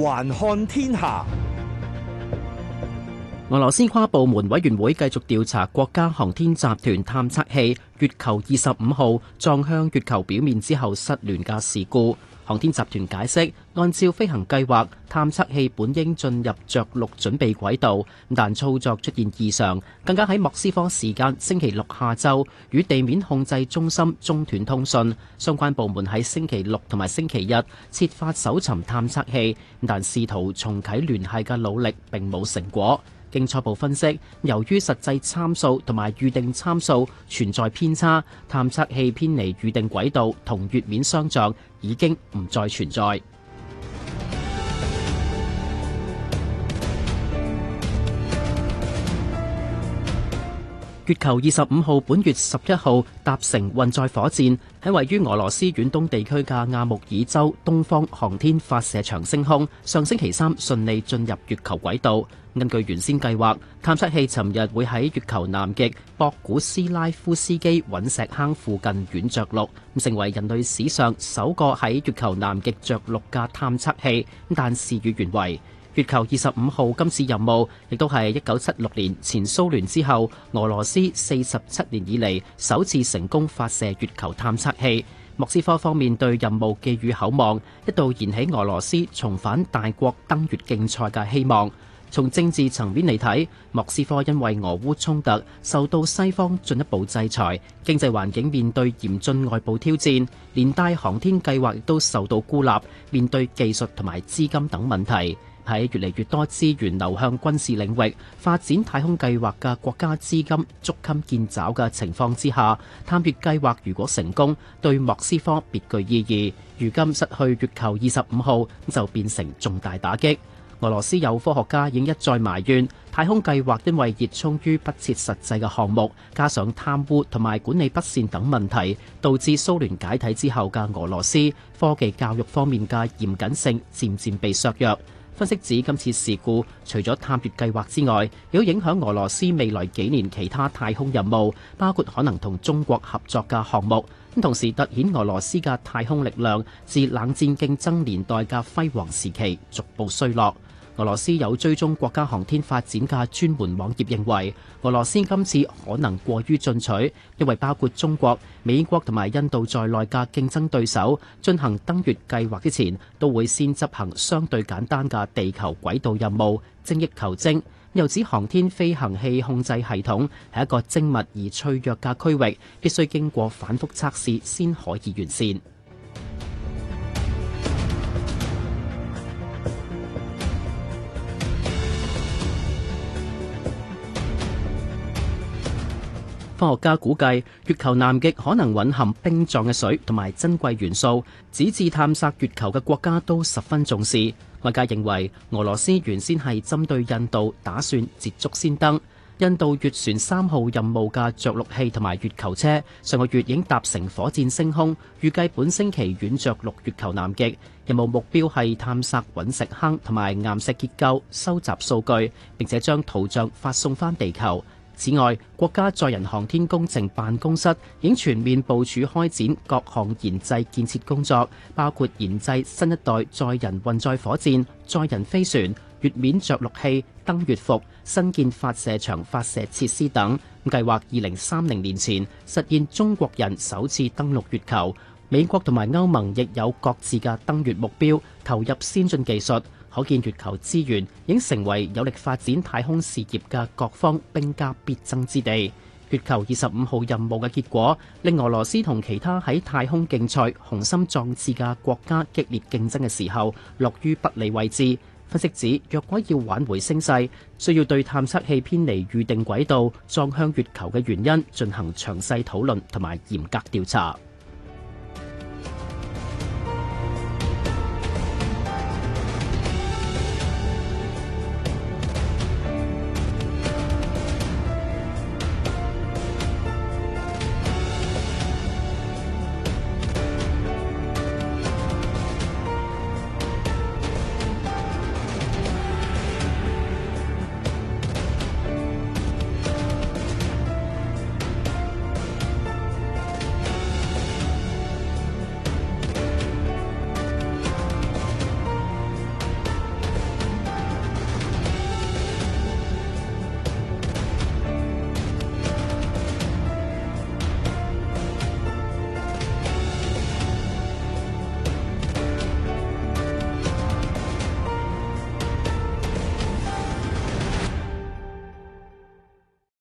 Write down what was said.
環看天下。俄羅斯跨部門委員會繼續調查國家航天集團探測器「月球二十五號撞向月球表面之後失聯嘅事故。航天集團解釋，按照飛行計劃，探測器本應進入着陸準備軌道，但操作出現異常，更加喺莫斯科時間星期六下晝與地面控制中心中斷通訊。相關部門喺星期六同埋星期日設法搜尋探測器，但試圖重啟聯繫嘅努力並冇成果。經初步分析，由於實際參數同埋預定參數存在偏差，探測器偏離預定軌道同月面相撞，已經唔再存在。月球二十五號本月十一號搭乘運載火箭，喺位於俄羅斯遠東地區嘅亞穆爾州東方航天發射場升空。上星期三順利進入月球軌道。根據原先計劃，探測器尋日會喺月球南極博古斯拉夫斯基隕石坑附近軟着陸，成為人類史上首個喺月球南極着陸嘅探測器。但事與願違。月球二十五號今次任務亦都係一九七六年前蘇聯之後俄羅斯四十七年以嚟，首次成功發射月球探測器。莫斯科方面對任務寄予厚望，一度燃起俄羅斯重返大國登月競賽嘅希望。從政治層面嚟睇，莫斯科因為俄烏衝突，受到西方進一步制裁，經濟環境面對嚴峻外部挑戰，連帶航天計劃亦都受到孤立，面對技術同埋資金等問題。喺越嚟越多資源流向軍事領域、發展太空計劃嘅國家，資金捉襟見肘嘅情況之下，探月計劃如果成功，對莫斯科別具意義。如今失去月球二十五號，就變成重大打擊。俄羅斯有科學家已經一再埋怨，太空計劃因為熱衷於不切實際嘅項目，加上貪污同埋管理不善等問題，導致蘇聯解體之後嘅俄羅斯科技教育方面嘅嚴謹性漸漸被削弱。分析指今次事故除咗探月計劃之外，亦都影響俄羅斯未來幾年其他太空任務，包括可能同中國合作嘅項目。咁同時，凸顯俄羅斯嘅太空力量自冷戰競爭年代嘅輝煌時期逐步衰落。俄羅斯有追蹤國家航天發展嘅專門網頁認為，俄羅斯今次可能過於進取，因為包括中國、美國同埋印度在內嘅競爭對手進行登月計劃之前，都會先執行相對簡單嘅地球軌道任務，精益求精。又指航天飛行器控制系統係一個精密而脆弱嘅區域，必須經過反覆測試先可以完善。科學家估計，月球南極可能蘊含冰狀嘅水同埋珍貴元素，直至探索月球嘅國家都十分重視。外界認為，俄羅斯原先係針對印度打算捷足先登。印度月船三號任務嘅着陸器同埋月球車，上個月已經搭乘火箭升空，預計本星期軟着陸月球南極。任務目標係探索隕石坑同埋岩石結構，收集數據，並且將圖像發送返地球。此外，國家載人航天工程辦公室已經全面部署開展各項研製建設工作，包括研製新一代載人運載火箭、載人飛船、月面着陸器、登月服、新建發射場發射設施等。計劃二零三零年前實現中國人首次登陸月球。美國同埋歐盟亦有各自嘅登月目標，投入先進技術。可見月球資源已經成為有力發展太空事業嘅各方兵家必爭之地。月球二十五號任務嘅結果，令俄羅斯同其他喺太空競賽雄心壯志嘅國家激烈競爭嘅時候落於不利位置。分析指，若果要挽回聲勢，需要對探測器偏離預定軌道，撞向月球嘅原因進行詳細討論同埋嚴格調查。